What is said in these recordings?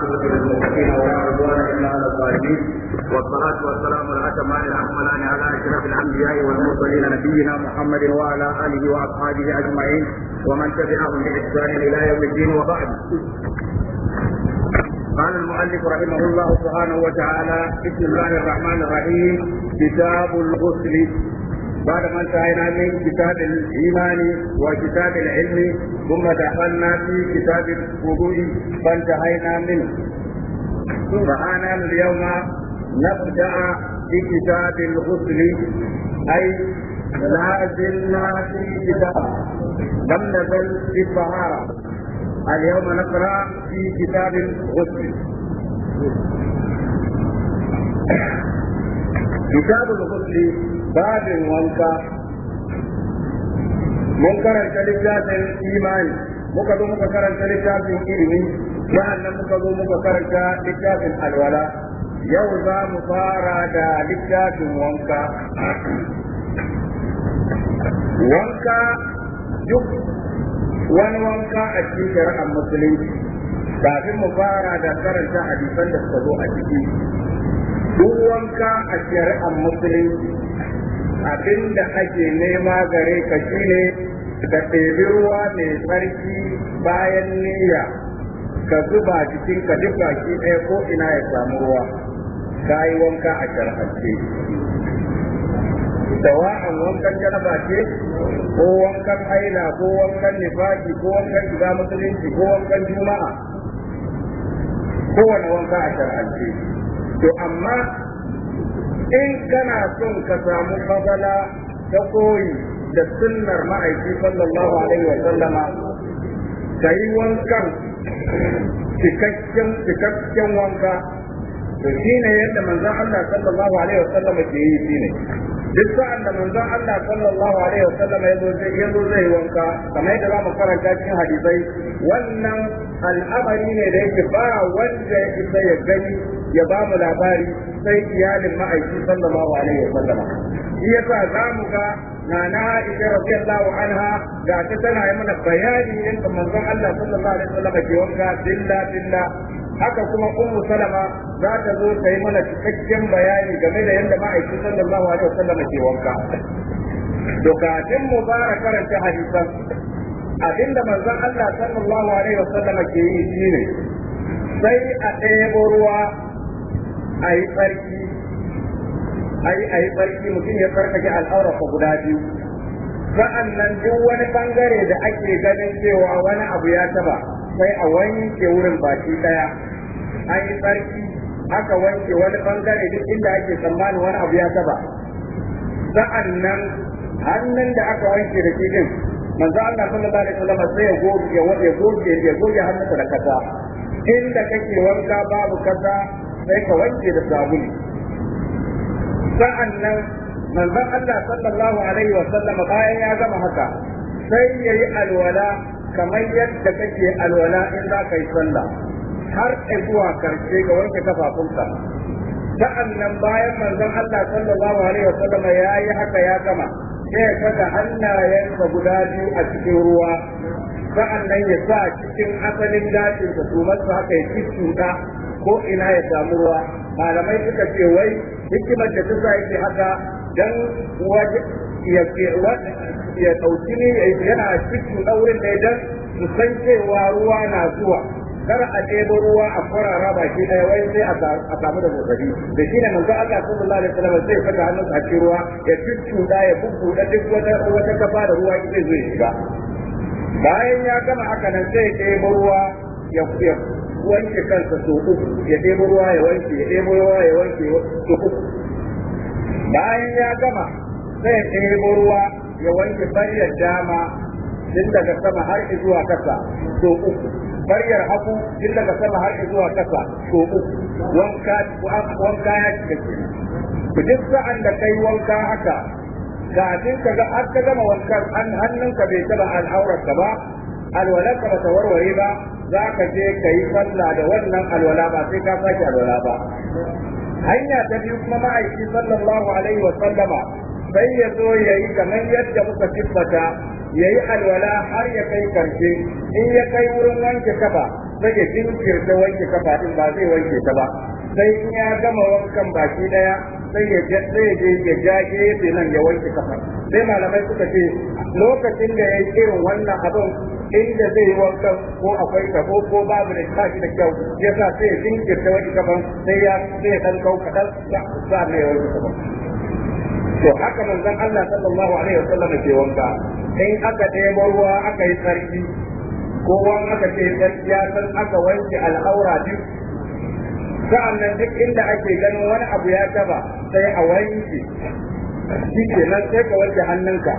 والعاقبة للمتقين ولا عدوان إلا على الظالمين والصلاة والسلام الأتمان الأكملان على أشرف الأنبياء والمرسلين نبينا محمد وعلى آله وأصحابه أجمعين ومن تبعهم بإحسان إلى يوم الدين وبعد قال المؤلف رحمه الله سبحانه وتعالى بسم الله الرحمن الرحيم كتاب الغسل بعد ما انتهينا من كتاب الإيمان وكتاب العلم ثم دخلنا في كتاب الوضوء فانتهينا منه فأنا اليوم نبدأ بكتاب الغسل أي لا زلنا في كتاب لم نزل في الطهارة اليوم نقرأ في كتاب الغسل كتاب الغسل babin wanka mun karanta littafin imani muka zo muka karanta littafin ilimi nan muka zo muka karanta littafin alwala yau za mu fara da littafin wanka wanka duk wani wanka a cikin shari'ar musulunci kafin mu fara da karanta hadisan da suka zo a ciki duk wanka a shari'ar musulunci abin da ake nema gare ka shine ka ɗebi ruwa mai tsarki bayan niyya ka zuba cikin ka duk baki ɗaya ko ina ya samu ruwa ka yi wanka a sharhance sawa'an wankan janaba ce ko wankan haila ko wankan nifaki ko wankan shiga musulunci ko wankan juma'a kowane wanka a shar'ance to amma in kana son ka samu fadala ta koyi da sunnar ma'aiki sallallahu alaihi wa sallama ka yi wankan cikakken cikakken wanka to shine yadda manzon Allah sallallahu alaihi wa sallama ke yi shine duk sa'an da manzon Allah sallallahu alaihi sallama ya zo zai ya zo zai wanka kamar yadda zamu karanta cikin hadisai wannan al'amari ne da yake ba wanda ya isa ya gani ya ba mu labari sai iyalin ma'aiki sallallahu alaihi wa sallama shi yasa zamu ga nana Aisha radiyallahu anha da ta tana yi mana bayani yadda manzon Allah sallallahu alaihi wa sallama ke wanka dilla dilla haka kuma ummu salama za ta zo ta yi mana cikakken bayani game da yadda ma'aiki sallallahu alaihi wa sallama ke wanka to kafin mu fara karanta hadisan abinda manzon Allah sallallahu alaihi wa sallama ke yi shine sai a ɗebo ruwa a yi tsarki a yi tsarki mutum ya tsarkake guda biyu sa'an nan duk wani bangare da ake ganin cewa wani abu ya taba sai a wanke wurin baki daya ayi yi tsarki aka wanke wani bangare duk inda ake tsammanin wani abu ya taba sa'an nan hannun da aka wanke da shi din manzo Allah sallallahu alaihi wasallam sai ya goge ya goge ya goge hannunsa da kasa inda kake wanka babu kasa sai ka wanke da sabulu nan manzon Allah sallallahu alaihi wa sallam bayan ya gama haka sai yayi alwala kamar yadda kake alwala in za ka yi sallah har zuwa karshe ka wanke kafafunka nan bayan manzon Allah sallallahu alaihi wa sallam yayi haka ya gama sai ya saka hannayensa guda biyu a cikin ruwa nan ya sa cikin asalin gashin sa su haka ya cuta ko ina ya samu ruwa malamai suka ce wai hikimar da ta sa yake haka dan ya ɗauki ne yana cikin daurin ne don su san cewa ruwa na zuwa kar a ɗebo ruwa a kwarara shi ɗaya wai sai a samu da zazzabi da shi ne manzo Allah sallallahu alaihi wasallam sai fada hannun a cikin ruwa ya cuccuɗa ya bubbuɗa duk wata wata kafa da ruwa ita zai shiga bayan ya gama haka nan sai ya ɗebo ruwa ya wanke kansa so uku ya ɗebo ruwa ya wanke ya ɗebo ruwa ya wanke so uku bayan ya gama sai ya ɗebo ruwa ya wanke baryar dama tun daga sama har zuwa kasa so uku baryar hagu tun daga sama har zuwa kasa so uku wanka ya cika ke duk sa'an da kai wanka haka kafin ka ga har ka gama wankan hannunka bai taba al'aurar ka ba alwalar ba ta warware ba za ka je ka yi sallah da wannan alwala ba sai ka sake alwala ba hanya ta biyu kuma ma'aiki sallallahu alaihi wa sallama sai ya zo ya yi kamar yadda muka tabbata ya yi alwala har ya kai karshe in ya kai wurin wanke kafa sai ya jinkirta wanke kafa din ba zai wanke ta ba sai in ya gama wankan baki daya sai ya je ya ja gefe nan ya wanke kafa sai malamai suka ce lokacin da ya yi irin wannan abin inda zai yi wankan ko akwai tabo ko babu da tashi da kyau ya sa sai ya ta wani kafan sai ya sai ya dan kau kadan sa ne ya wanke kafa to haka manzon Allah sallallahu alaihi wasallam ke wanka in aka ɗebo ruwa aka yi sarki wani aka ce sarki ya san aka wanke al'aura biyu sa'annan duk inda ake ganin wani abu ya taba sai a wanke shi kenan sai ka wanke hannunka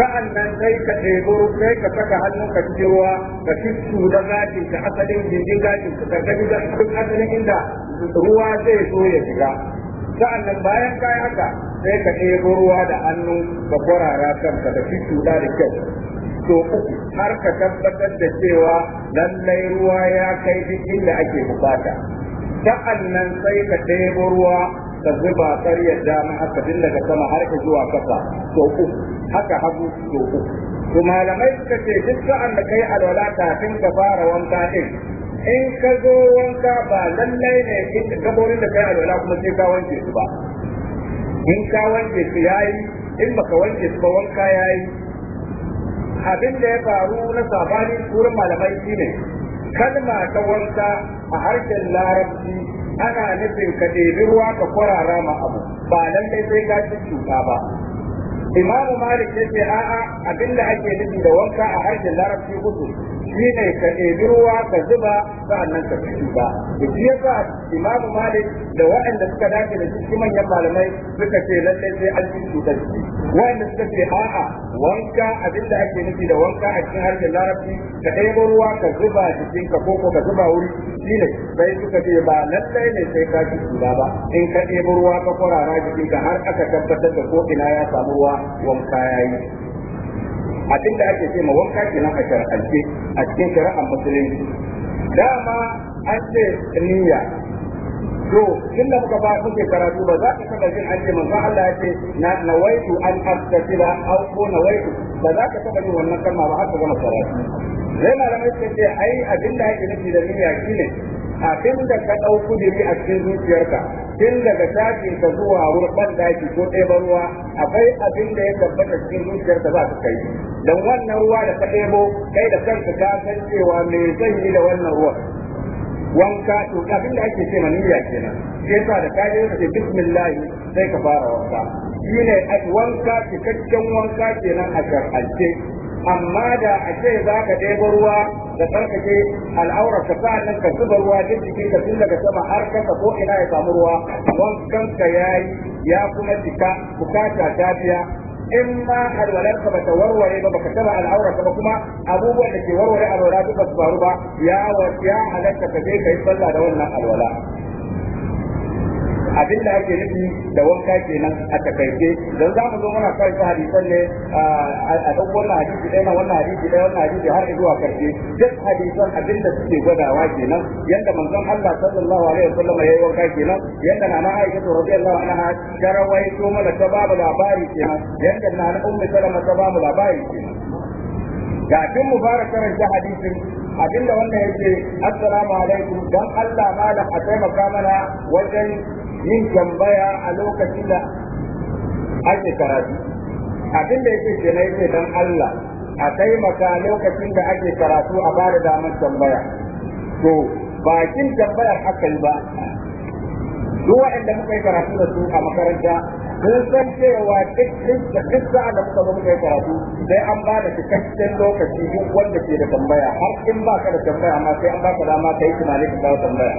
sa'an sai ka ɗebo sai ka saka hannun cikin ruwa ka fitu da gashin ka asalin jirgin gashin ka da duk asalin inda ruwa zai so ya shiga sa'annan bayan kayan haka sai ka ɗebo ruwa da hannu ka kwarara kanka da fitu da kyau to uku har ka tabbatar da cewa lallai ruwa ya kai duk inda ake bukata sa'an nan sai ka ɗebo ruwa ka zuba tsariyar dama haka daga sama har ka zuwa kasa to uku haka hagu to uku to malamai suka ce duk sa'an da kai alwala kafin ka fara wanka din in ka zo wanka ba lallai ne in ka gaborin da kai alwala kuma sai ka wanke su ba in ka wanke su yayi in baka wanke su ba wanka yayi abin da ya faru na sabani wurin malamai shine kalma ta wanka a harshen larabci ana nufin ka ɗebi ruwa ka kwarara ma abu ba lallai sai ka ci cuta ba imam malik ya ce a'a abinda ake nufi da wanka a harshen larabci uku shine ka ɗebi ruwa ka zuba sa'annan ka ci ba da shi yasa imam malik da waɗanda suka dace da cikin manyan malamai suka ce lallai sai an ci cutar shi waɗanda suka ce a'a wanka abin da ake nufi da wanka a cikin harshen larabci ka ɗebo ruwa ka zuba jikin ka koko ka zuba wuri shine sai suka ce ba lallai ne sai ka ci ba ba in ka ɗebo ruwa ka kwarara jikin ka har aka tabbatar da ko ina ya samu ruwa wanka ya yi. abin da ake ce ma wanka nan a shar'ance a cikin shari'ar musulunci dama an ce niyya to tun muka fara kuke karatu ba za ka taba jin an manzo Allah yake na nawaitu an astasira aw ko nawaitu ba za ka taba jin wannan kalma ba haka gama karatu sai malamai suka ce ai abin da yake nufi da niyya shine abin da ka dau kudiri a cikin zuciyarka tun daga tashin ka zuwa wurin daki ko ɗeban ruwa akwai abin da ya tabbata cikin zuciyarka za ka kai dan wannan ruwa da ka ɗebo kai da kanka ka san cewa me zan yi da wannan ruwan wanka to abin da ake ce maniyya kenan sai sa da kaje ka ce bismillah sai ka fara wanka shine wanka cikakken wanka kenan a shar'ance amma da a ce za ka ɗebo ruwa da tsarkake al'aura ka sa nan ka zuba ruwa duk jikin ka tun daga sama har kasa ko ina ya samu ruwa wankan ka yayi ya kuma ku bukata ta biya in ma alwalar ka bata warware ba baka taba al'aura ba kuma abubuwan da ke warware alwala duka su faru ba ya halarta halatta ka je ka yi sallah da wannan alwala abin da ake nufi da wanka kenan a takaice don za mu zo muna kai hadisan ne a duk wannan hadisi ɗaya wannan hadisi ɗaya wannan hadisi har zuwa karshe duk hadisan abin da suke gwadawa kenan yanda manzon Allah sallallahu alaihi wasallam yi wanka kenan yanda nana Aisha na anha ta rawaito mana ta babu labari kenan yanda nana Ummu Salama ta babu labari kenan ga kin fara karanta hadisin abinda wannan yake assalamu alaikum dan Allah malaka a taimaka mana wajen yin tambaya a lokacin da ake karatu abin da yake ke na yake dan Allah a taimaka lokacin da ake karatu a bada damar tambaya to bakin tambayar haka ba duk waɗanda muka yi karatu da su a makaranta sun san cewa duk da duk sa'a da muka zo muka yi karatu sai an ba da cikakken lokaci duk wanda ke da tambaya har in ba ka da tambaya amma sai an ba ka dama ka yi tunani ka kawo tambaya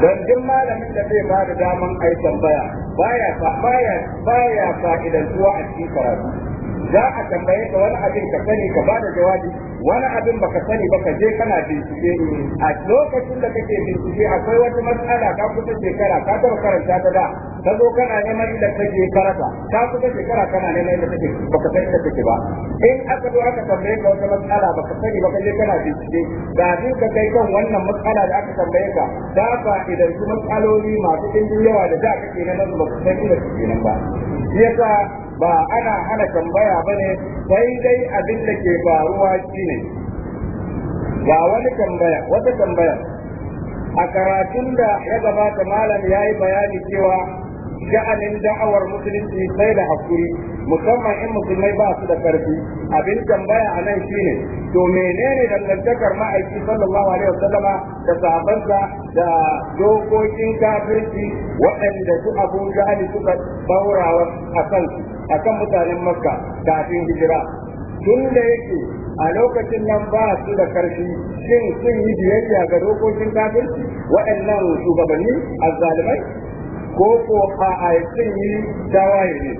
don duk malamin da zai bada daman aikin tambaya baya baya baya fa'idantuwa a cikin karatu za a tambaye ka wani abin ka sani ka ba da jawabi wani abin ba ka sani ba ka je kana bincike a lokacin da kake bincike akwai wata matsala ka kusa shekara ka taba karanta ta da ka zo kana neman inda je karata ka kusa shekara kana neman inda kake ka sani da kake ba in aka zo aka tambaye ka wata matsala ka sani ba ka je kana bincike ga abin ka kai kan wannan matsala da aka tambaye ka ta ba idan su matsaloli masu ɗin yawa da da kake neman ba ka sani da kake nan ba yasa ba ana hana tambaya bane sai dai abin da ke faruwa shine ga wani tambaya wata tambaya a karatun da ya gabata malam ya yi bayani cewa sha'anin da'awar musulunci sai da hakuri musamman in musulmai ba su da karfi abin tambaya a nan shine to menene dangantakar ma'aiki sallallahu alaihi wasallama da sahabbansa da dokokin kafirci waɗanda su abu jahali suka baurawa a kansu a kan mutanen makka kafin hijira tun da yake a lokacin nan ba su da karfi shin sun yi biyayya ga dokokin kafirci waɗannan shugabanni azzalimai ko ko a sun yi tawaye ne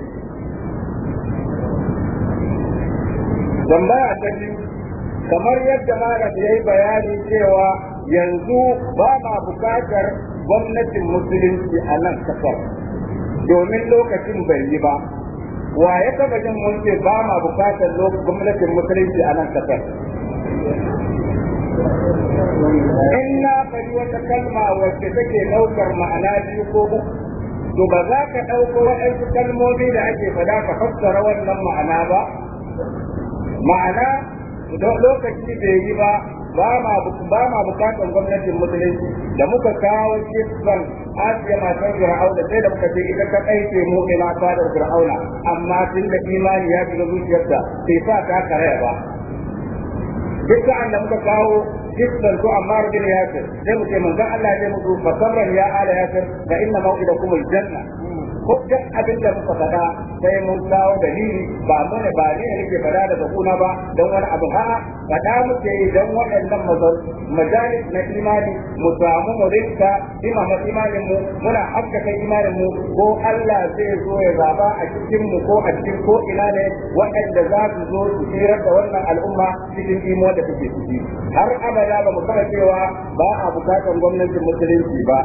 tambaya ta biyu kamar yadda malam ya yi bayani cewa yanzu ba ma bukatar gwamnatin musulunci a nan kasar domin lokacin bai yi ba wa ya taba jin mun ce ba ma bukatar gwamnatin musulunci a nan kasar in na bari wata kalma wacce take ɗaukar ma'ana biyu ko uku to ba za ka ɗauko waɗansu kalmomi da ake faɗa ka fassara wannan ma'ana ba ma'ana lokaci bai yi ba ba ma bukatar gwamnatin musulunci da muka kawo kisan asiya matan fir'auna sai da muka ce ita ta kaice mu ila fadar fir'auna amma tun da imani ya shiga zuciyarta sai sa ta karaya ba duk an da muka kawo kisan su amma rubin yasir sai mu ce manzon Allah ya mutu fasaran ya ala yasir da inna mau'idakum aljanna ko duk abin da muka faɗa sai mun kawo dalili ba mu ba ne yake faɗa daga kuna ba don wani abu ha faɗa muke yi don waɗannan majalis na imani mu samu mu rinka imama imanin mu muna haskaka imanin mu ko Allah zai zo ya zaba a cikin mu ko a cikin ko ina ne waɗanda za su zo su tsira da wannan al'umma cikin imo da take ciki har abada ba mu fara cewa ba a bukatar gwamnatin musulunci ba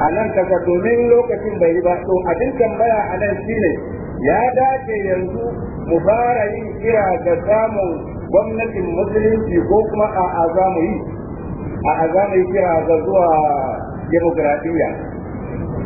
a nan domin lokacin bai yi ba to abin tambaya a nan shine ya dace yanzu mu fara yin kira ga samun gwamnatin musulunci ko kuma a azamu yi a azamu yi kira ga zuwa demokradiyya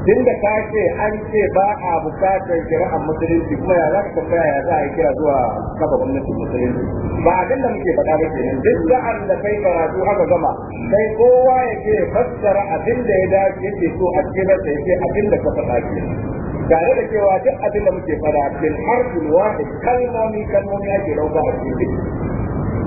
tun da ka ce an ce ba a bukatar a musulunci kuma ya za ka tambaya ya za a yi kira zuwa kafa gwamnatin musulunci ba abin da muke faɗa ba kenan duk sa'an da kai karatu haka gama sai kowa ya ce fassara abin da ya dace yake so a cikin rasa ya ce abin da ka faɗa ke tare da cewa duk abin da muke faɗa cikin harfin wahid kalmomi kalmomi ake ɗauka a cikin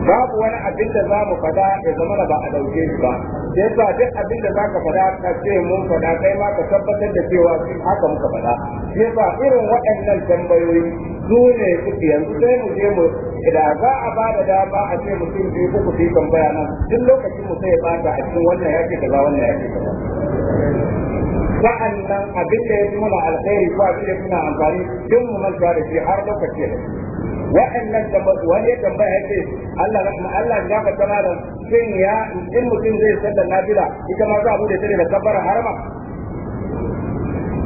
babu wani abin da za mu fada ya zama ba a dauke shi ba sai ba duk abin da za ka fada ka ce mun fada kai ma ka tabbatar da cewa shi haka muka fada sai ba irin waɗannan tambayoyi su ne suke yanzu sai mu je mu Idan za a ba da dama a ce mutum biyu ko ku yi tambaya nan duk lokacin mu sai ya ta a cikin wannan yake kaza wannan yake kaza sa'annan abin da ya fi alkhairi ko abin da suna amfani duk mu manta da shi har lokaci wa'annan wani ya tambaya ya ce Allah rahma Allah ya gafarta da shin ya in mutum zai san da nafila ita ma za a bude ta da tabbara harama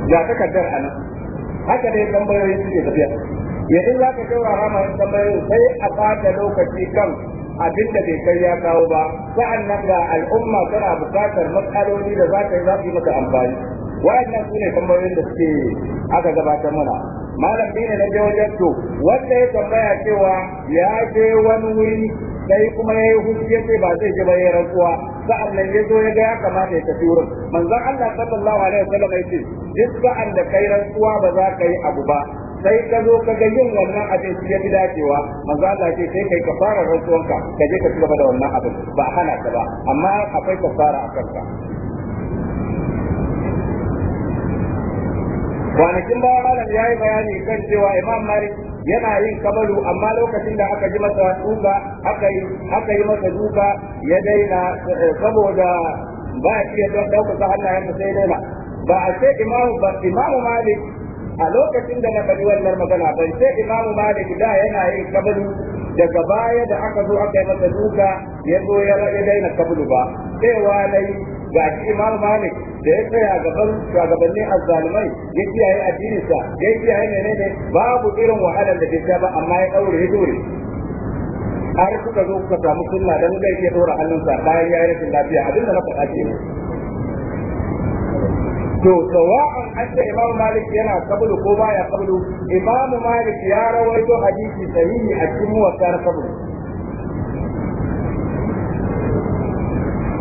ya a nan, haka dai tambayoyin ke tafiya ya in za ka shawara ya tambayoyin sai a fata lokaci kan abin da bai kai ya kawo ba sa'an nan ga al'umma tana bukatar matsaloli da za ka yi za su yi maka amfani Waɗannan su ne tambayoyin da suke aka gabatar mana malam bine na je wajen to wanda ya tambaya cewa ya je wani wuri sai kuma ya yi hujji sai ba zai je ba ya rantsuwa sa'an nan ya zo ya ga ya kamata ya tafi wurin manzon Allah sallallahu alaihi wasallam ya ce duk sa'an da kai rantsuwa ba za ka yi abu ba sai ka zo ka ga yin wannan abin shi ya fi dacewa manzo Allah ce sai kai ka fara rantsuwanka ka je ka ci da wannan abin ba hana ka ba amma akwai kafara a kanka kwanakin baya malam ya yi bayani kan cewa imam malik yana yin kabalu amma lokacin da aka ji masa duka aka yi masa duka ya daina eh, saboda ba a iya don ɗaukaka hannayen sai daina ba a ce imamu ba imamu malik a lokacin da na faɗi wannan magana ban ce imamu malik da yana yin kabalu daga baya da aka zo aka yi masa duka ya zo ya daina kabalu ba cewa dai ga imamu malik da ya tsaya gaban shugabannin azzalumai ya kiyaye addininsa ya kiyaye menene babu irin wahalar da ke ba amma ya daure ya dore har suka zo kuka samu sunna dan zai iya dora hannunsa bayan ya yi rashin lafiya abin da na faɗa ke to sawa'an ce imamu malik yana kabulu ko baya kabulu imamu malik ya rawaito hadisi sahihi a cikin muwatta kabulu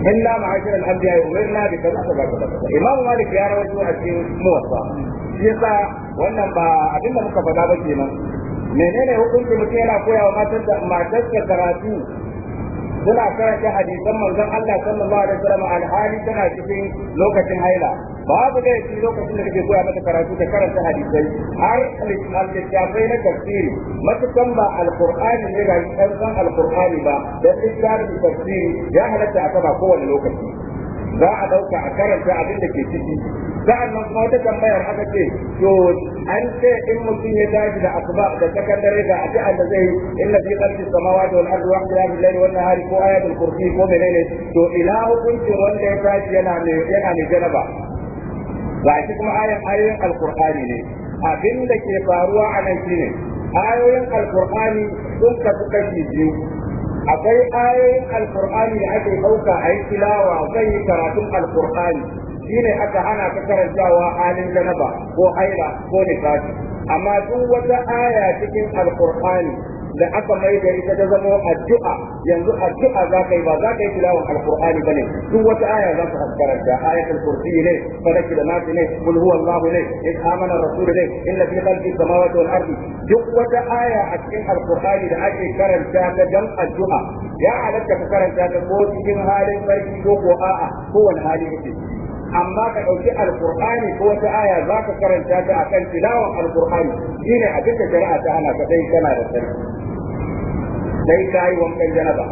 إلا معاشر الأنبياء أمرنا بكذا كذا كذا a مالك يا رجل أشياء موصى yasa wannan ba abin da muka faɗa ba kenan menene hukuncin mutum yana koya wa matarsa karatu suna karanta hadisan manzon Allah sallallahu alaihi wasallam alhali tana cikin lokacin haila babu da yake lokacin da kake koya mata karatu da karanta hadisai har al-littafai na tafsiri matukan ba alqur'ani ne ga san Alkur'ani ba da littafin tafsiri ya halatta a ba kowane lokaci za a dauka a karanta abin da ke ciki sa'an nan kuma wata tambayar aka ce to an ce in mutum ya tashi da asuba da sakandare da addu'a da zai na fi qalbi samawa da ardi wa ikhtilafi al-layli wannan hari, ko ayatul kursi ko menene to ila hukuncin wanda ya tashi yana ne yana ne janaba ba shi kuma ayan ayoyin alkur'ani ne abin da ke faruwa a nan shine ayoyin alkur'ani sun kasu kashi biyu akwai ayoyin alkur'ani da ake ɗauka a yi tilawa zai karatun alkur'ani ne aka hana ka karantawa halin janaba ko haila ko nifafi amma duk wata aya cikin alkur'ani da aka mai da ita ta zama addu'a yanzu addu'a za ka yi ba za ka yi tilawan alqur'ani bane duk wata aya za ka karanta ayatul kursi ne falaki da nasi ne kul huwa allah ne in amana rasul ne inna fi khalqi samawati wal ardi duk wata aya a cikin alqur'ani da ake karanta ta dan addu'a ya halatta ka karanta ta ko cikin halin sarki ko ko a'a ko wani hali yake amma ka ɗauki alkur'ani ko wata aya za ka karanta ta akan tilawan alkur'ani shine a duka shari'a ta ana kadai kana da sarki sai kai wankan janaba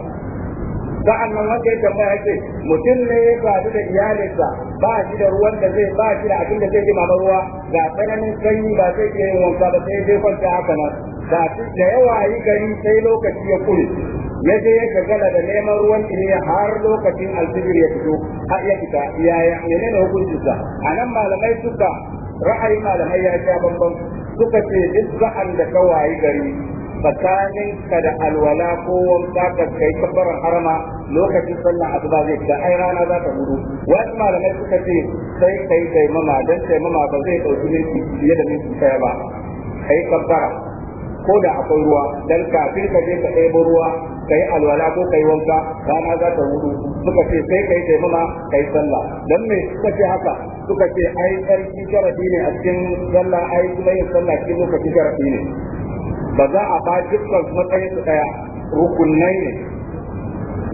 sa'an nan wanda ya tambaya ce mutum ne ya su da iyalinsa ba shi da ruwan da zai ba shi da abin da zai ji mama ruwa ga tsananin sanyi ba zai iya yin wanka ba sai dai kwanta haka nan da da yawa yi gari sai lokaci ya kure ya je ya gagala da neman ruwan ɗiniya har lokacin alfijir ya fito har ya fita yaya menene hukuncinsa a nan malamai suka ra'ayi malamai ya sha bambam suka ce duk sa'an da ka wayi gari tsakanin ka da alwala ko wanda ka kai kabbar harama lokacin sallah asuba zai da ai rana za ta gudu Wani malamai suka ce sai kai kai mama dan sai mama ba zai dauki ki fiye da minti ɗaya ba kai kabbara ko da akwai ruwa dan kafin ka je ka ɗebo ruwa kai alwala ko kai wanka rana za ta gudu suka ce sai kai taimama kai sallah dan me suka ce haka suka ce ai sarki sharadi ne a cikin sallah ai kuma yin sallah cikin lokaci sharadi ne ba za a ba dukkan matsayin su daya rukunai ne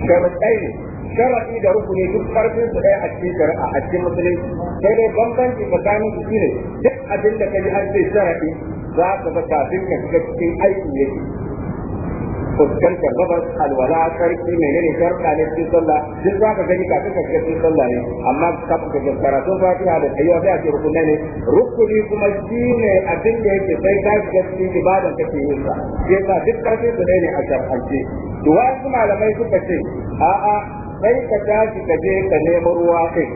sharaɗai ne sharaɗi da rukuni duk ƙarfin su ɗaya a cikin shari'a a cikin musulunci sai dai bambanci tsakanin su shine duk abin da ka an ce sharaɗi za ka ga kafin ka shiga cikin aiki yake fuskantar gabas alwala sarki menene sarka ne cikin sallah duk za ka gani kafin ka shiga cikin sallah ne amma kafin ka shiga karatun fatiha da tsayuwa sai a ce ne rukuni kuma shi ne abin da yake sai ka shiga cikin ibada ka ke yin sa sai ka duk su ne a shar'ance to wasu malamai suka ce a'a sai ka tashi ka je ka nemo ruwa kai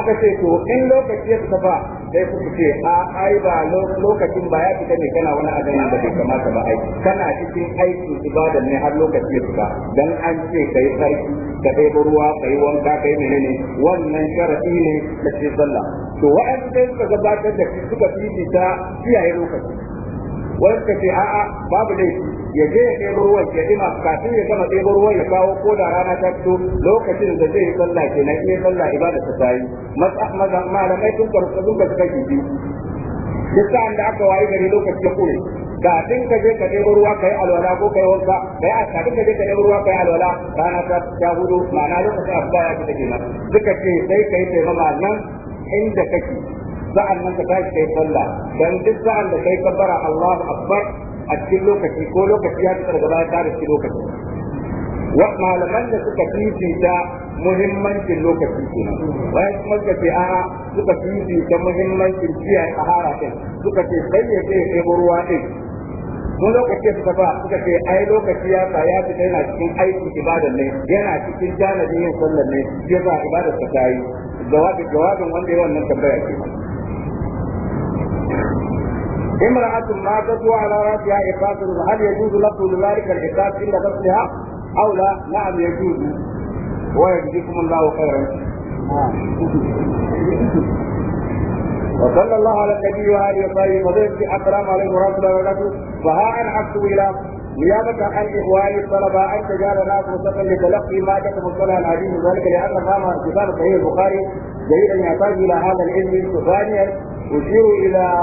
aka ce to in lokaci ya tafa sai kuka ce a ai ba lokacin ba ya fita ne kana wani adana da bai kamata ba aiki kana cikin aiki ibada ne har lokaci ya fita dan an ce kai sarki ka kai ruwa kai wanka kai menene wannan sharafi ne da ce sallah to wa'anda sai suka gabatar da suka fifita kiyaye lokaci wanda ce a'a babu laifi ya je ya ɗebo ruwan ya ɗima kafin ya gama ɗebo ruwan ya kawo ko da rana ta fito lokacin da zai yi sallah ke na iya sallah ibada ta tayi malamai sun karɓi sun karɓi kake biyu duk sa'an da aka wayi gari lokaci ya kure kafin ka je ka ɗebo ruwa ka yi alwala ko ka yi wanka ka yi kafin ka je ka ɗebo ruwa ka yi alwala rana ta ta hudu ma'ana lokacin asuba ya ta kenan duka ce sai ka yi taimama nan inda kake sa'an nan ka tashi kai sallah dan duk sa'an da kai kabbara Allahu akbar a cikin lokaci ko lokaci ya fitar gaba ya kare cikin lokaci wa malaman da suka fifita muhimmancin lokaci kenan bayan kuma suka ce a suka fifita muhimmancin kiyaye sahara din suka ce sai ya ce ya ruwa ɗin mun lokaci suka ba suka ce ai lokaci ya sa ya fita yana cikin aikin ibadar ne yana cikin janibin yin sallar ne ya sa ibadar ta yi jawabin wanda ya wannan tambaya kenan امرأة ماتت وعلى رأسها إقاس هل يجوز لفظ ذلك الإقاس إلا غسلها أو لا؟ نعم يجوز ويجزيكم الله خيرا. وصلى الله على النبي وآله وصحبه وسلم السلام عليه ورحمة الله وبركاته فها أن عبد إلى نيابة عن إخوان الطلبة أن تجعل الناس مستقل لتلقي ما جاء مصطلح الحديث ذلك لأن قام كتاب صحيح البخاري جيدا يحتاج إلى هذا العلم ثانيا أشير إلى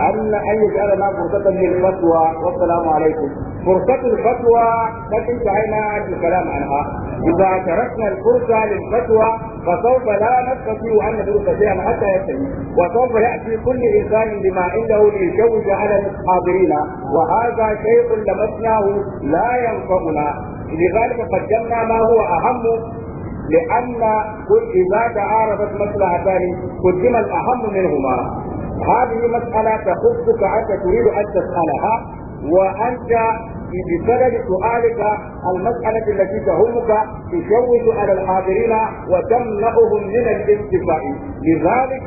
أن أن يجعلنا فرصة للفتوى والسلام عليكم فرصة الفتوى قد انتهينا عن الكلام عنها إذا تركنا الفرصة للفتوى فسوف لا نستطيع أن ندرس شيئا حتى يتم وسوف يأتي كل إنسان بما عنده ليشوش على الحاضرين وهذا شيء لمسناه لا ينفعنا لذلك قدمنا ما هو أهم لأن إذا تعارضت مصلحتان قدم الأهم منهما هذه مسألة تخصك أنت تريد أن تسألها وأنت بسبب سؤالك المسألة التي تهمك تشوش على الحاضرين وتمنعهم من الانتفاع لذلك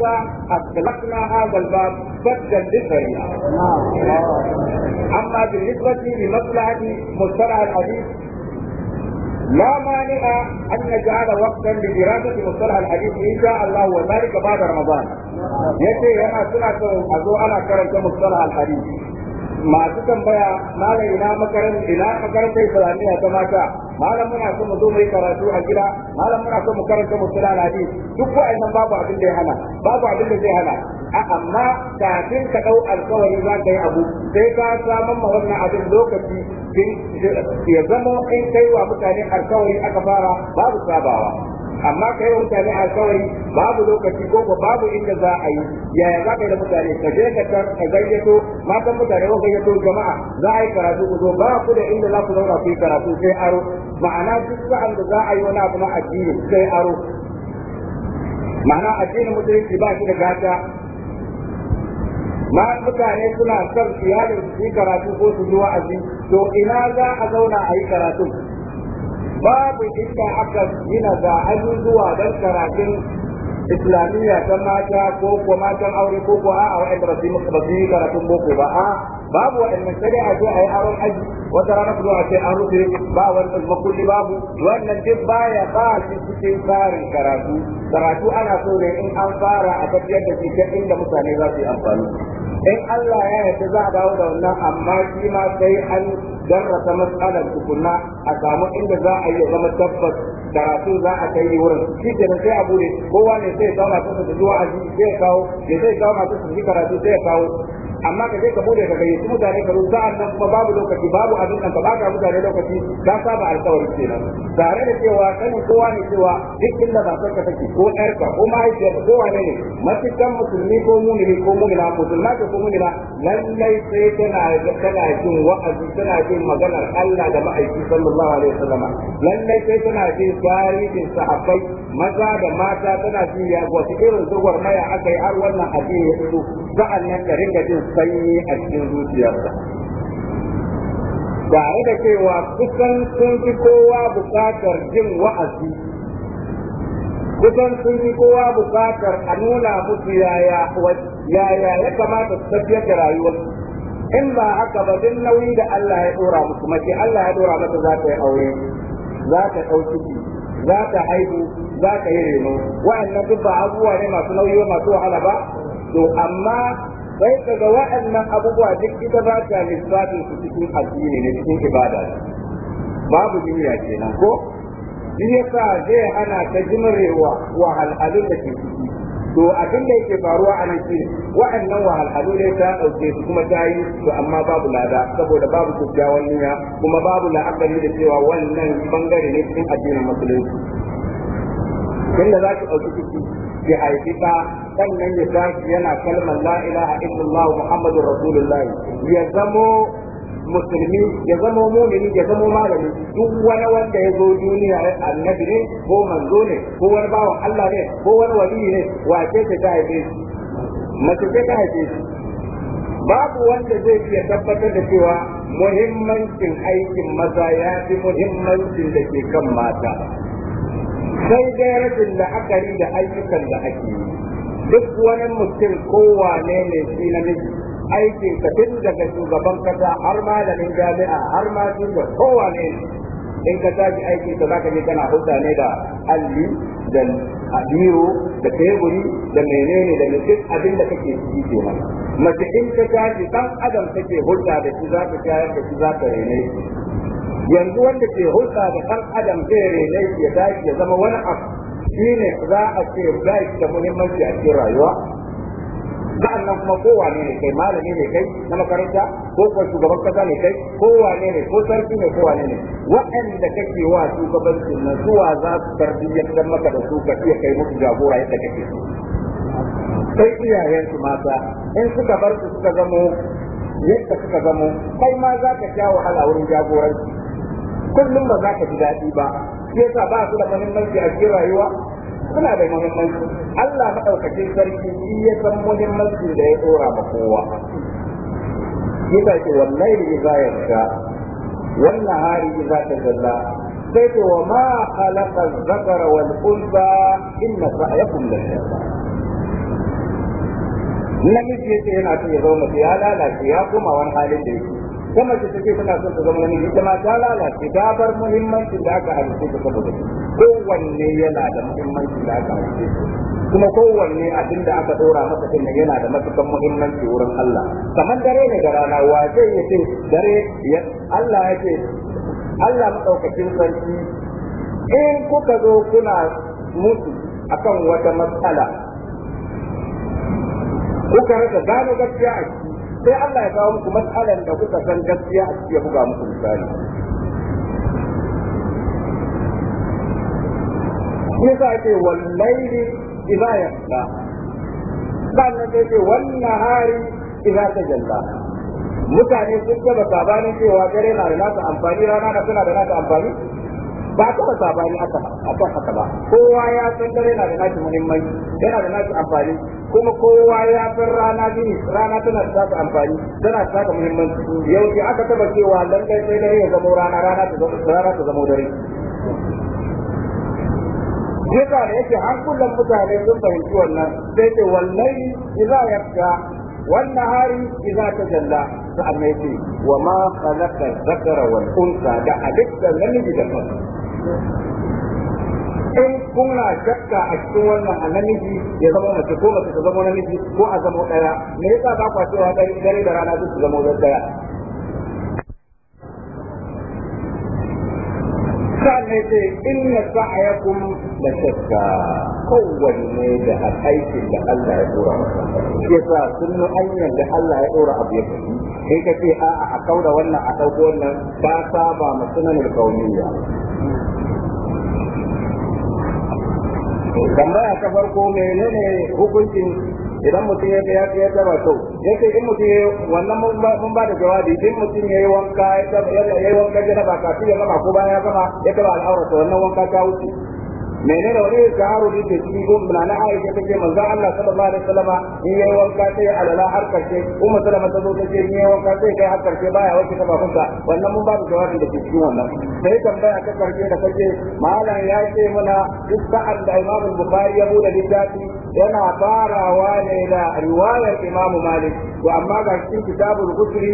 أطلقنا هذا الباب سدا للشريعة نعم. أما بالنسبة لمصلحة مصطلح الحديث لا مانع أن نجعل وقتا لدراسة مصطلح الحديث إن شاء الله وذلك بعد رمضان يتي أنا سنة أزو أنا كرمت مصطلح الحديث masu tambaya malam ina ina makarantar islamiyya ta mata malam muna so mu zo mu karatu a gida malam muna so mu karanta musulal hadis duk wa'annan babu abin babu abin da zai hana amma kafin ka dau alkawari za ka yi abu sai ka samun ma wannan abin lokaci ya zama in kai wa mutane alkawari aka fara babu sabawa amma kai wa mutane alkawari babu lokaci ko ko babu inda za a yi yaya za ka da mutane ka je ka tar ka gayyato matan mutane ko gayyato jama'a za a yi karatu ku ba ku da inda za ku zauna ku karatu sai aro ma'ana duk sa'an da za a yi wani abu na addini sai aro ma'ana addinin musulunci ba shi da gata ma mutane suna son iyalin su yi karatu ko su yi wa'azi to ina za a zauna a yi karatu babu inda aka gina ga zuwa don karatun islamiyya ta mata ko ko matan aure ko ko a'a wa'anda ba su yi karatun boko ba a babu wa'annan sai dai a zo a yi aron aji wata ranar zuwa a ce an rufe ba wannan makulli babu wannan duk baya ba shi cikin tsarin karatu karatu ana so ne in an fara a tafiyar da cikin inda mutane za su yi amfani in Allah ya yarda za a dawo da wannan amma shi ma sai an jarrata matsalar tukunna a samu inda za a yi zama tabbas karatu za a kai wurin shi ke nan sai a bude kowa ne sai ya kawo masu su zuwa jiki sai ya kawo ya sai ya kawo masu su karatu sai ya kawo amma ka je ka bude ka gayyaci mutane ka rubuta nan kuma babu lokaci babu abin nan ka baka mutane lokaci ka saba alkawari kenan tare da cewa kanin kowa ne cewa duk inda ba sarka take ko yarka ko mahaifiyar ko wane ne matukan musulmi ko mumini ko mumina musulma ko mumina lallai sai tana tana jin wa'azi tana jin maganar Allah da ma'aiki sallallahu alaihi wasallam lallai sai tana jin tarihin sahabbai maza da mata tana jin ya wasu irin zuwar maya aka yi har wannan addini ya fito nan ka ringa jin sanyi a cikin zuciyarsa tare da cewa kusan sun fi kowa bukatar jin wa'azi kusan sun fi kowa bukatar a nuna musu yaya yaya ya kamata su tafiyar da rayuwar in ba haka ba duk nauyi da Allah ya dora musu mace Allah ya dora mata za ta yi aure za ta ɗauki za ta haihu za ta yi reno wa'annan duk ba abubuwa ne masu nauyi masu wahala ba to amma sai daga ga wa'annan abubuwa duk ita ba ta lissafi su cikin addini ne cikin ibada babu duniya kenan ko shi yasa zai hana ta jimrewa wahalhalun da ke ciki to abin da yake faruwa a nan shi wa'annan wahalhalu ne ta ɗauke su kuma ta yi su amma babu lada saboda babu kyakkyawan niyya kuma babu la'akari da cewa wannan bangare ne cikin addinin musulunci da za ki ɗauki ciki ya haifi ta sannan ya tashi yana kalmar la ilaha illallah muhammadur rasulullah ya zamo musulmi ya zamo mumini ya zamo malami duk wani wanda ya zo duniya annabi ne ko manzo ne ko wani bawan Allah ne ko wani wali ne wace ce ta haife shi mace ce ta haife shi babu wanda zai iya tabbatar da cewa muhimmancin aikin maza ya fi muhimmancin da ke kan mata sai dai rashin la'akari da ayyukan da ake yi duk wani mutum kowane ne shi miji aikin ka tun daga shugaban kasa har malamin jami'a har ma da kowane ne in ka tashi aiki to zaka je kana hulɗa ne da alli da biro da teburi da menene da duk abin da kake ciki kenan mace in ka tashi dan adam take hulɗa da shi zaka shayar da shi zaka rene yanzu wanda ke hulɗa da ɗan adam zai rene ya dace ya zama wani abu ne za a ce ba da muhimmanci a cikin rayuwa nan kuma kowane ne kai malami ne kai na makaranta ko kuma shugaban kasa ne kai kowane ne ko sarki ne kowane ne waɗanda kake wa shugabancin nan zuwa za su tarbiyyantar maka da su ka iya kai musu jagora yadda kake so sai su mata in suka bar su suka zamo yadda suka zamo kai ma za ka sha wahala wurin jagoranci kullum ba za ka ji daɗi ba shi yasa ba su da muhimmanci a cikin rayuwa suna da muhimmanci Allah maɗaukacin sarki shi ya san muhimmanci da ya tsora ma kowa yasa ce wallahi Wannan hari wan za ta zalla. sai ce wa ma khalaqa dhakara wal unsa inna sa'yakum la namiji yake yana so ya zama ya lalace ya koma wani halin da ya yake ko mace ta ce tana son ta zama namiji ita ta lalace ta bar muhimmancin da aka halice ta saboda kowanne yana da muhimmanci da aka halice kuma kowanne abin da aka dora masa din yana da matukan muhimmanci wurin Allah kamar dare ne da rana wa zai yace dare Allah yake Allah madaukakin sarki in kuka zo kuna mutu akan wata matsala kuka rasa gano gaskiya a ciki sai Allah ya kawo muku matsalan da kuka san gaskiya a cikin buga muku misali yasa ake ina ya yasla sannan sai ce wannan hari ta tajalla mutane sun gaba sabanin cewa dare na da nasa amfani rana da suna da nasa amfani ba a taba sabani a kan haka ba kowa ya san dare na da nashi muhimmanci yana da nashi amfani kuma kowa ya san rana gini rana tana da taka amfani tana da ta muhimmanci yau ke aka taba cewa lallai sai dare ya zama rana rana ta zama rana ta zama dare Jika da yake har kullum mutane sun fahimci wannan sai ce wallahi idza yakka wannan hari idza jalla. sa'an yake wa ma khalaqa dhakara wal unsa da halitta namiji da mace in kuna shakka a cikin wannan a namiji ya zama mace ko mace ta zama namiji ko a zama ɗaya, me yasa ba kwa cewa dare da rana duk su zama daya sa'annan ce inna sa'ayakum la shakka kowanne da aikin da Allah ya dora masa shi yasa sunnu hanyar da Allah ya dora abu ya kashi sai ka ce a a kauda wannan a dauko wannan ta saba ma sunan kauniya tambaya ta farko menene hukuncin idan mutum ya ga ya taba sau yace in mutum ya wannan mun ba da jawabi in mutum ya yi wanka ya yi wanka ya ba kafin ya gama ko bayan ya gama ya taba al'aurata wannan wanka ta wuce menene wani ta'arudi da shi ko na Aisha ce, manzo Allah sallallahu alaihi wasallam in yayi wanka sai alala har karshe umma sallama ta zo take in yayi wanka sai kai har karshe baya ta kafafunsa wannan mun babu jawabin da ke cikin wannan sai tambaya ta karshe da kake malam ya ce mana duk sa'an da Imam Bukhari ya bude littafi yana farawa ne da riwayar Imam Malik to amma ga cikin kitabul Usri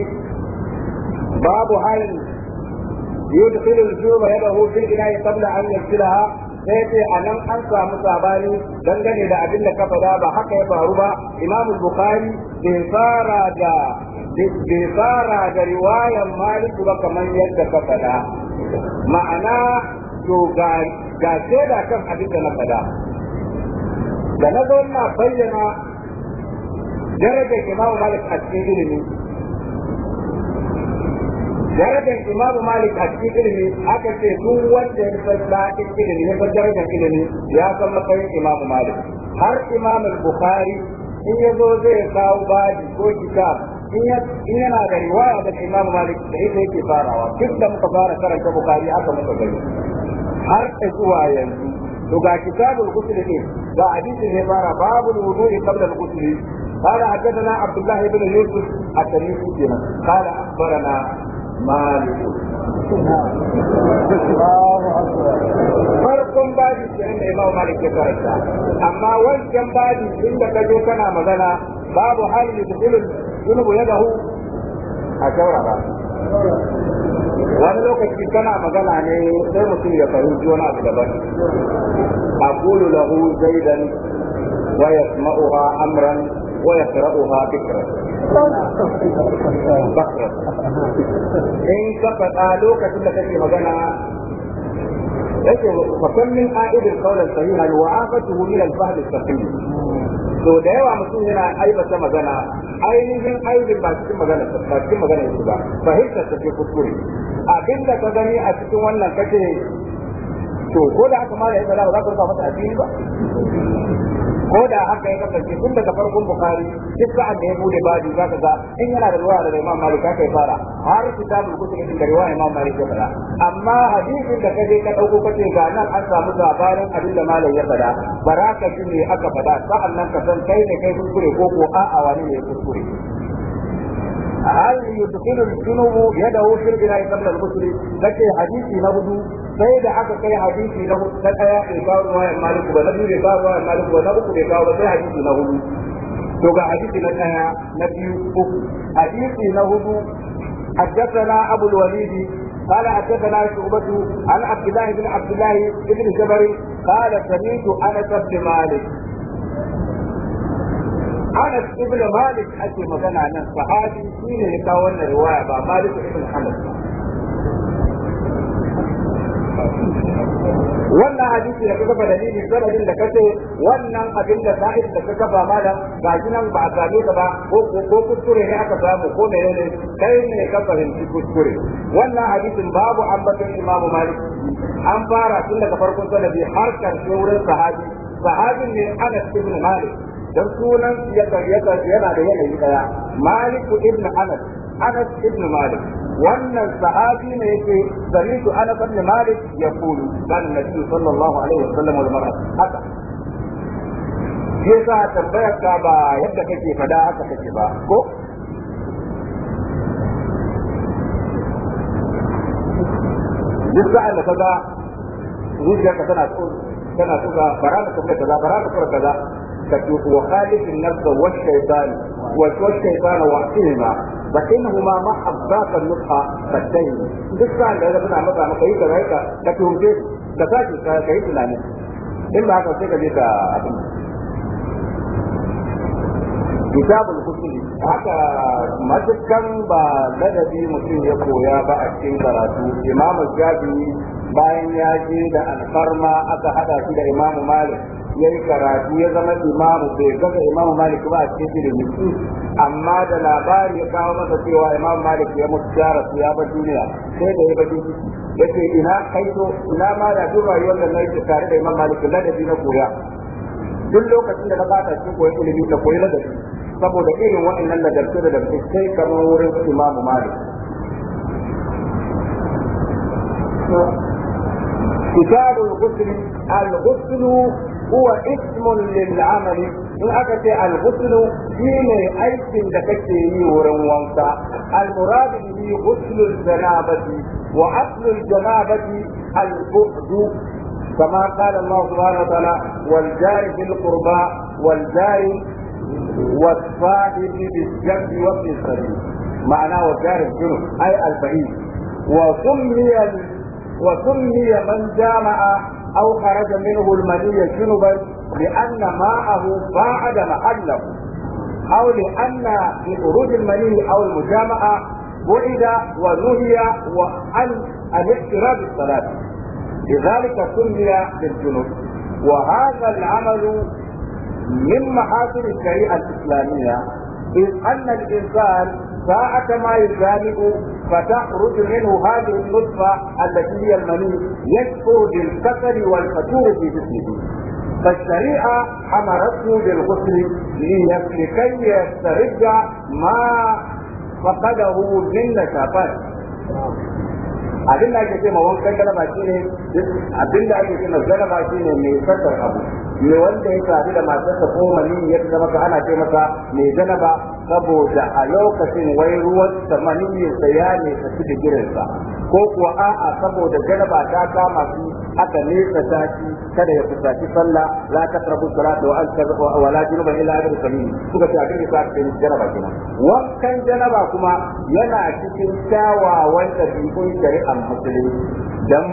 babu hal يدخل الجوب يده في الإناء قبل أن يغسلها sai ce a nan an samu sabani dangane da abin da ka faɗa ba haka ya faru ba imamu bukari bai fara da bai fara riwayan maliku ba kamar yadda ka faɗa ma'ana to ga shaida kan abin da na faɗa da na zo na bayyana darajar imamu malik a cikin ilimi darajar imamu malik a cikin ilimi aka ce duk wanda ya fi daɗin ilimi ya fi darajar ilimi ya san matsayin imamu malik har imamu bukhari in ya zo zai kawo baji ko kika in yana da riwaya da imamu malik da ita yake farawa duk da muka fara karanta bukhari aka muka gani har zuwa yanzu to ga kitabul ghusl ne ga hadisin ne fara babu wudu'i qabla al-ghusl قال حدثنا عبد الله بن يوسف التميمي قال اخبرنا farkon babi kenan da imam malik ya karanta amma wancan babi tun da ka zo kana magana babu hali da dukkanin junubu ya dahu a saurara wani lokaci kana magana ne sai mutum ya fahimci wani abu daban aqulu lahu zaidan wa yasma'uha amran ويقرأها بكرة بكرة إن كفت آلوك تلك مجانا فكم من عائد القول الصحيح وعافته من الفهم السقيم to da yawa mutum yana aibata magana ainihin aibin ba cikin magana ba cikin magana yake ba fahimtar ta ce kuskure abin da ka gani a cikin wannan kace to ko da aka mara yadda za ka rufa masa asiri ba ko da haka ya kasance tun daga farkon bukari duk sa'an da ya bude baji za ka ga in yana da ruwa da imam malik ka kai fara har kitabul kutub din da ruwa imam malik ya fara amma hadisin da kaje ka dauko kace ga nan an samu labarin abin da malam ya fara baraka shi ne aka fada sa'an nan ka san kai ne kai kuskure ko ko a'a wani ne kuskure هل يدخل الجنوب يده في البناء قبل kace hadisi na hudu sai da aka kai hadisi na hudu na daya bai kawo ruwayan maliku ba na biyu bai kawo ruwayan maliku ba na uku bai kawo ba sai hadisi na hudu to ga hadisi na daya na biyu uku hadisi na hudu حدثنا ابو الوليد قال حدثنا شعبة عن عبد الله بن عبد الله بن جبر قال سمعت انس بن مالك انس بن مالك ake magana nan sahabi shine ya kawo wannan riwaya ba malik ibn anas wannan hadisi da ka kafa dalili sanadin da kace wannan abin da sa'id da ka kafa mala ga nan ba a same ka ba ko ko kuskure ne aka samu ko ne kai ne ka fahimci kuskure wannan hadisin babu ambaton Imam Malik an fara tun daga farkon sanadi har karshe wurin sahabi sahabin ne Anas ibn Malik dan sunan yana da yanayi daya malik ibn anas anas ibn malik wannan sahabi ne yake samitu anas ibn malik ya kulu dan nabi sallallahu alaihi wasallam wal mar'a haka yasa tambayar ka ba yadda kake fada haka kake ba ko duk sa'an da kaga zuciyarka tana tana tuka bara ka kaza bara ka kaza وخالف النفس والشيطان والشيطان وحدهما لكنهما ما حباك النصح فالتين دكا عند هذا كنا مطعم كيف يعني؟ رأيك لكن جيد كتاكي كيف لاني إلا هذا الشيء الذي kitabul kusuri haka matukan ba ladabi mutum ya koya ba a cikin karatu imamu jabi bayan ya je da alfarma aka hada shi da imamu malik ya yi karatu ya zama imamu bai gaza imamu malik ba a cikin ilimi amma da labari ya kawo masa cewa imamu malik ya mutu ya rasu ya bar duniya sai da ya bar ya ce ina kaito ina ma da duk rayuwar da na yi tare da imamu malik ladabi na koya duk lokacin da na bata cikin koyi ilimi na koyi ladabi saboda irin waɗannan ladabce da dabce sai kamar wurin imamu malik كتاب الغسل الغسل هو اسم للعمل لقد الغسل فيما ايت دكتي ورونتا المراد به غسل الجنابة وعسل الجنابة البعد كما قال الله سبحانه وتعالى والجار في القرباء والجار والصاحب بالجنب وفي السبيل معناه والجار الجنب اي البعيد وسمي وسمي من جامع أو خرج منه المني جنبا لأن ماءه بعد محله أو لأن خروج المني أو المجامعة بعد ونهي عن الاقتراب الصلاة لذلك سمي بالجنوب وهذا العمل من محاسن الشريعة الإسلامية إذ أن الإنسان ساعة ما يجامع فتخرج منه هذه النطفة التي هي المني يكفر بالكسل والفتور في جسمه فالشريعة حمرته بالغسل لكي يسترجع ما فقده من نشاطات abin da ake ce ma wankan galaba shine abin da ake ce ma galaba ne mai sassar abu me wanda ya sadu da matarsa ko mani ya zama ka ana ce masa mai galaba saboda a lokacin wai ruwan samaniyarsa ya ne ta fi digirinsa ko kuwa a'a saboda jaraba ta kama su aka nesa ta shi kada ya fusaci sallah la ta tarbu salata wa an wa la junuba illa bi samin suka ce abin da ta yi jaraba kenan wakan jaraba kuma yana cikin kyawawan dabi'un shari'ar musulunci dan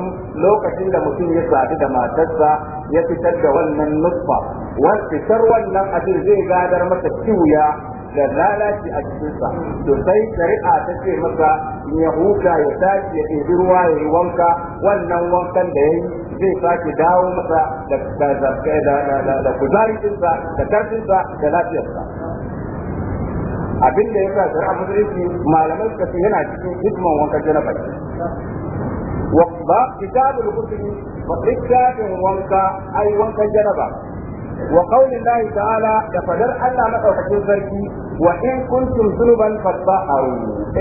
lokacin da mutum ya sadu da matarsa ya fitar da wannan nutfa wani fitar wannan abin zai gadar masa ciwuya. da lalaci a cikinsa to sai shari'a ta ce masa ya huta ya tashi ya ɗebi ruwa ya yi wanka wannan wankan da ya yi zai sake dawo masa da kuzari ɗinsa da karfinsa da lafiyarsa abin da ya sa shari'a musulunci malaman suka ce yana cikin hikman wankan janaba wa kitabul husni ba littafin wanka ai wankan janaba wa qauli llahi ta'ala da fadar Allah madaukakin zarki wa in kuntum sunuban fatahu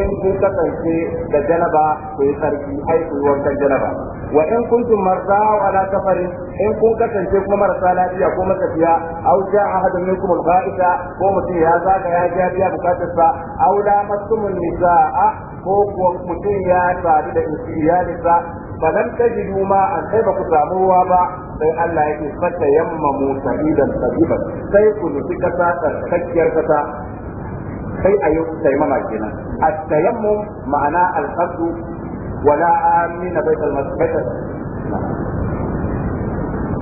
in kuntum kasance da janaba ko sarki ai ko wannan wa in kuntum marsa'u ala safarin in kun kace kuma marasa lafiya ko makafiya aw ja'a hadan minkum al ko mutun ya zaka ya ja ya bukatarsa aw la masumun nisaa ko ko mutun ya taru da isiyalisa fa lam tajidu ma an sabaku samuwa ba sai Allah yake fata yamma musa'idan sabiban sai ku nufi kasa tsarkakkiyar kasa sai a yi taimama kenan at-tayammum ma'ana al-qasdu wala amina baitul masjid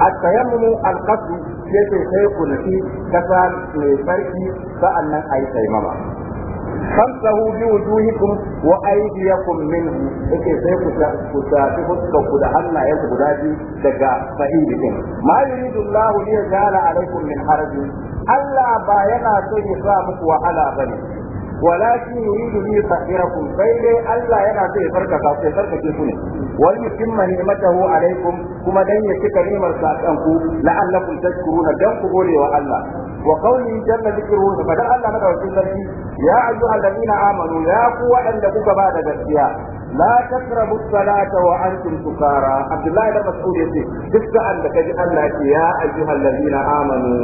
at-tayammum al-qasdu yace sai ku nufi kasa mai sarki sa'annan a yi taimama famsahu bi wujuhikum wa aydiyakum minhu yake sai ku ta ku da hannayen ku guda biyu daga sahibi din ma yuridu Allah li min haraj Allah ba yana so ya sa muku wahala bane ولكن يريد لي تغفيركم فإلي ألا ينعت فرقة فرقة كيفني وليتم نعمته عليكم كما دين يتك نعمة لعلكم تشكرون دم قبولي Allah. وقوله جل ذكره فدعا الله مدعو في يا أيها الذين آمنوا يا قوة أن لكم بعد ذكيا la taqrabu as-salata wa antum sukara Abdullahi da mas'ud yace dukkan da kaji Allah ke ya ayyuhal ladina amanu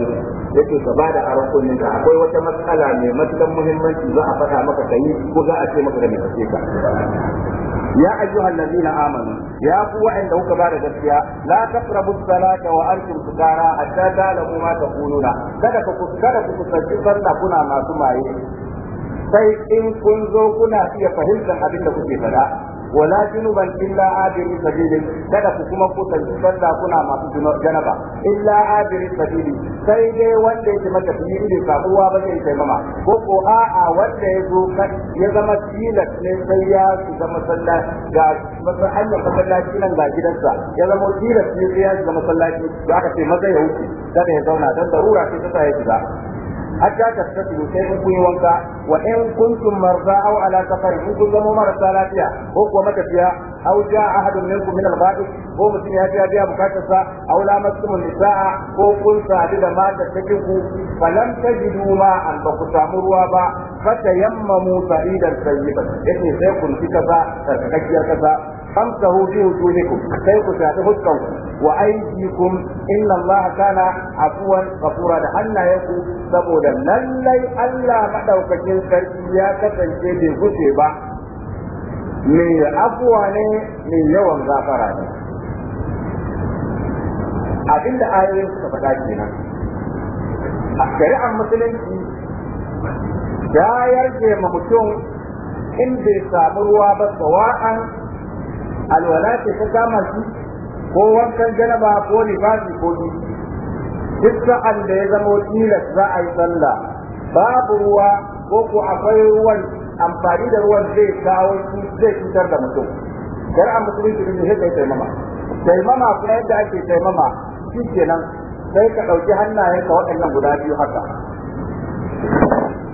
yace ka bada arkunin ka akwai wata matsala mai matukar muhimmanci za a faɗa maka kai ko za a ce maka da mai ka ya ayyuhal ladina amanu ya ku wa'anda kuka bada gaskiya la taqrabu as-salata wa antum sukara hatta ta'lamu ma taquluna kada ku kada ku kusanci sallah kuna masu maye sai in kun zo kuna iya fahimtar abin da kuke faɗa wala junuban illa abiri sabili kada ku kuma ku sallah kuna masu janaba illa abiri sabili sai dai wanda yake maka fiye da sabuwa ba zai kai mama ko ko a'a wanda ya ya zama tilas ne sai ya su zama sallah, ga hanyar masallaci nan ga gidansa ya zama tilas ne sai ya zama masallaci da aka ce maza ya wuce kada ya zauna don darura sai ta sa ya shiga hatta tattasilu sai in kun yi wanka wa in kuntum marza aw ala safar in kun zama marasa lafiya ko kuwa matafiya aw a ahadun minkum min al-ghaib ko mutum ya ji biya bukatar sa aw lamastum nisaa ko kun sadu da mata cikin ku falam tajidu ma an ba ku samu ruwa ba fatayammamu sa'idan sayyiban yace sai kun ci kaza tsarkakakkiyar kaza famsahu fi wujuhikum sai ku shafi huskan wa aydikum inna Allah kana afuwan ghafura da hannayenku saboda lallai Allah madaukakin sarki ya kasance bai gushe ba mai afuwa ne mai yawan gafara ne abinda ayoyin suka faɗa kenan a shari'ar musulunci ya yarje ma mutum in bai samu ruwa ba sawa'an alwalati ce kama shi ko wankan janaba ko nifasi ko shi duk sa'an da ya zama tilas za a yi sallah babu ruwa ko ko akwai ruwan amfani da ruwan zai kawo zai cutar da mutum kar a musulunci ne sai kai taimama taimama kuma yadda ake taimama shi kenan sai ka ɗauki ka waɗannan guda biyu haka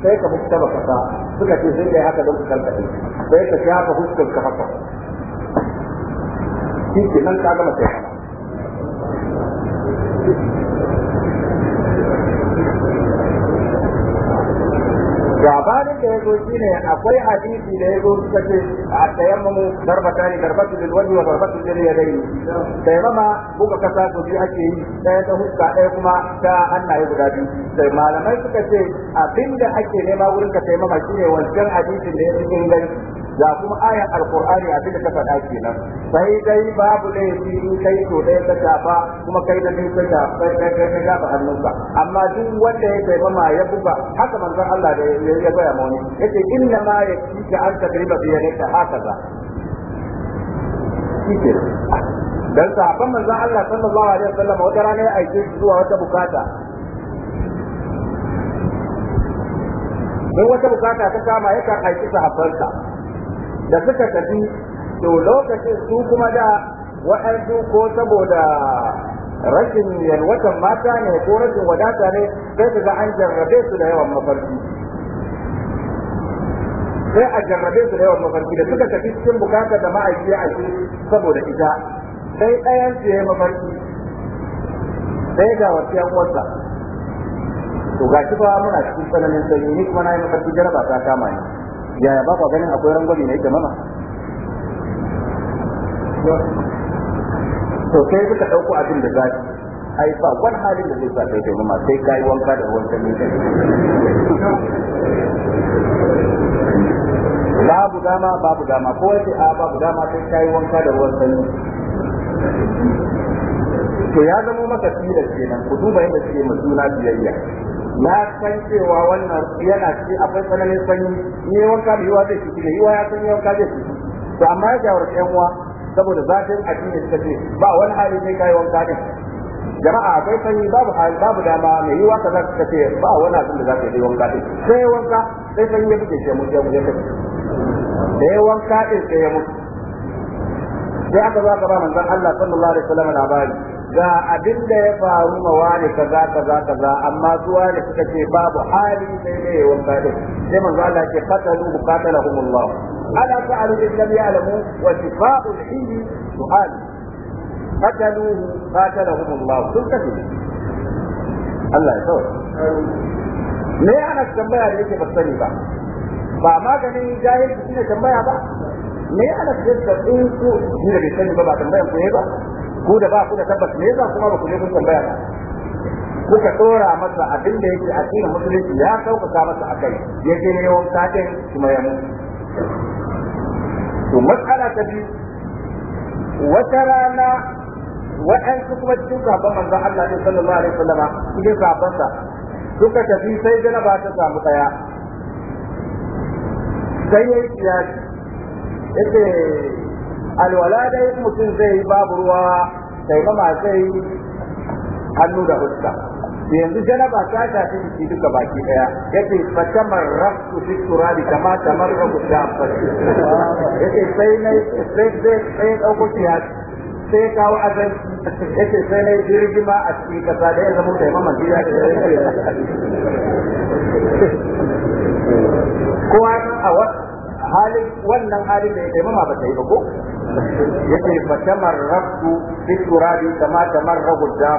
sai ka fuskar ka suka ce sai kai haka don ka kalkaɗe sai ka shafa fuskar ka haka shi ke nan ka gama sai labarin da ya zo shi ne akwai hadisi da ya zo suka ce a tayammamu darbata ne darbatu lil wajhi wa darbatu lil yadayn tayammama buga kasa to bi ake yi ɗaya ta huska ɗaya kuma ta hannaye guda biyu sai malamai suka ce abinda ake nema wurin ka tayammama shine wancan hadisin da ya fi inganci ga kuma ayan alqur'ani a cikin kafa da nan. sai dai babu shi in kai to dai ka shafa kuma kai da dai ka shafa kai kai ka shafa hannunka amma duk wanda ya kai mama ya buga haka manzon Allah da ya koya mu ne yace inna ma yakfika an ne ka haka hakaza kike dan sahabban manzon Allah sallallahu alaihi wasallam wata rana ya aike zuwa wata bukata don wata bukata ta kama yakan aiki sahabbansa da suka tafi to lokacin su kuma da wa'ansu ko saboda rashin yalwatan mata ne ko rashin wadata ne sai su ga an jarrabe su da yawan mafarki sai a jarrabe su da yawan mafarki da suka tafi cikin bukata da ma'aiki a shi saboda ita sai ɗayan su ya yi mafarki sai ga wasu yan uwarsa to ga shi fa muna cikin tsananin sanyi ni kuma na yi mafarki jaraba ta kama ni yaya ba kwa ganin akwai rangwame na mama to sai suka ɗauko abin da za a yi fagon halin da zai sa kai kai mama sai kayi wanka da ruwan sanyi babu dama babu dama ko wace a babu dama sai kayi wanka da ruwan sanyi to ya zama maka tilas kenan ku duba yadda suke masu juna biyayya na san cewa wannan yana ci akwai tsananin sanyi ne wanka da yiwa zai shi ne yiwa ya san wanka zai shi to amma ya shawar ƴan uwa saboda zafin addini suka ce ba wani hali sai kai wanka ne. jama'a akwai sanyi babu hali babu dama mai yiwa kaza suka ce ba wani abin da za ka yi wanka ne. sai wanka sai sanyi ya fice mu je mu je da ya wanka din sai ya mutu sai aka zo aka ba manzon Allah sallallahu alaihi wasallam labari ga abin da ya faru ma wani kaza kaza kaza amma zuwa da suka ce babu hali sai ne ya wanka din sai manzo Allah ce qatalu Allah ala ta'alu bil lam ya'lamu wa shifa'u al-hayy su'al qatalahum Allah sun kace Allah ya sauke me ana tambaya da yake ba sani ba ba maganin jahilci ne tambaya ba me ana tambaya in ku ne bai sani ba ba tambayan ku ne ba ku da ba ku da tabbas me yasa kuma ba ku je kun tambaya ba kuka tsora masa abin da yake a cikin musulunci ya sauƙaƙa masa akai ya je ne wanka din kuma ya to matsala ta biyu wata rana waɗansu kuma cikin sabon manzon Allah ne sallallahu alaihi wasallam cikin sahabbansa suka tafi sai ba ta samu ɗaya sai ya yi ce alwala dai mutum zai yi babu ruwa taimama zai hannu da huska yanzu janaba ta shafi shi duka baki daya yace fa tamarrafu shi turabi kama tamarrafu dabba yake sai ne sai sai sai dauko sai kawo azan yake sai ne jirgima a cikin kasa da ya zama taimama jiya da kowa a halin wannan halin da ya taimama ba ta yi ba ko yace fa tamarrabtu fi Rabi, kama tamarrabu da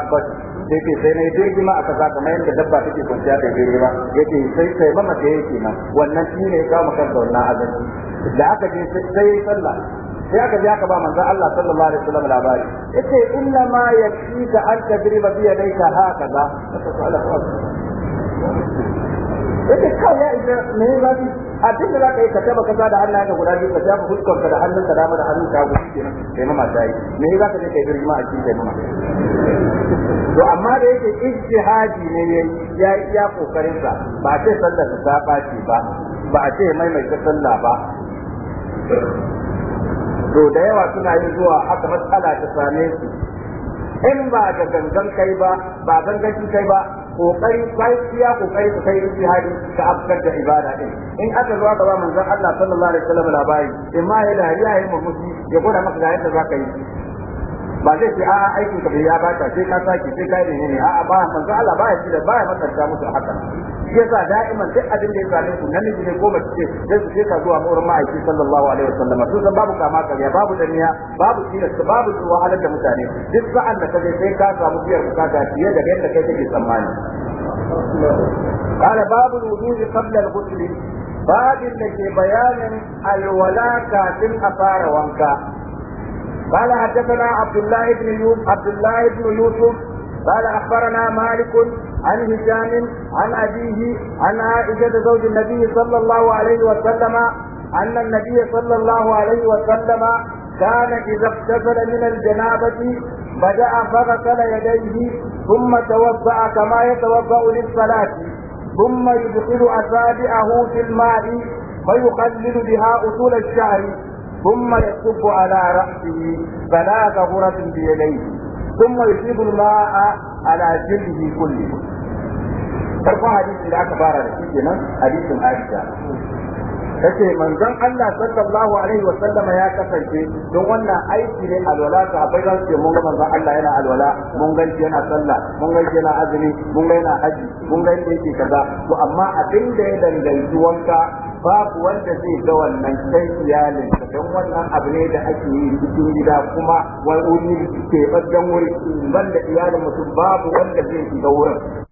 yace sai na yi girma a kasa kamar yadda dabba take kwanciya da girma yace sai sai ba mace yake nan wannan shi ne ya kawo maka da wannan azanci da aka je sai sallah sai aka je aka ba manzo Allah sallallahu alaihi wasallam labari yace inna ma yakfika an tadriba bi yadayka hakaza yake kawai ya isa me ya zafi a tun da za ka yi ka taba kasa da hannayen ka guda biyu ka shafa fuskar ka da hannun ka da da hannun ka guda biyu kai mama ta yi me ya zaka je kai ma a cikin kai mama to amma da yake ijtihadi ne ya yi iya kokarin sa ba a ce sallar ta baci ba ba a ce maimaita sallah ba to da yawa suna yin zuwa haka matsala ta same su in ba da gangan kai ba ba gangan kai ba kokari bai iya kokari ka kai jihadi ka afkar da ibada din in aka zo ka ba manzon Allah sallallahu alaihi wasallam labari imma ya dariya ya mamuti ya gwada maka da yadda zaka yi ba zai ce a aikin ka bai ya bata sai ka sake sai ka yi ne a'a ba manzo Allah ba ya ci da ba ya matsanta musu haka yasa da'iman duk abin da ya same ku ne ko mace ce sai su ka zuwa wurin ma'aiki sallallahu alaihi wasallam su san babu kama kariya babu daniya babu tilasta babu wahalar da mutane duk sa'an da je sai ka samu biyar bukata fiye da yadda kai kake tsammani قال باب الوضوء قبل الغسل babin da ke bayanin alwala kafin a fara wanka قال حدثنا عبد الله بن يوسف عبد الله بن يوسف قال اخبرنا مالك عن هشام عن ابيه عن عائشه زوج النبي صلى الله عليه وسلم ان النبي صلى الله عليه وسلم كان إذا اغتسل من الجنابة بدأ فغسل يديه ثم توضأ كما يتوضأ للصلاة ثم يدخل أصابعه في الماء فيقلل بها أصول الشعر ثم يصب على رأسه ثلاث غرف بيديه ثم يصيب الماء على جلده كله farkon حديث da aka fara da shi kace manzon Allah sallallahu alaihi Sallama ya kasance don wannan aiki ne alwala ta bai ga ce mun ga manzon Allah yana alwala mun ga yana sallah mun ga yana azumi mun ga yana haji mun ga yake kaza to amma abin da ya danganci wanka babu wanda zai ga wannan kai iyalin don wannan abu ne da ake yi cikin gida kuma wani ke babban wuri banda iyalin mutum babu wanda zai shiga wurin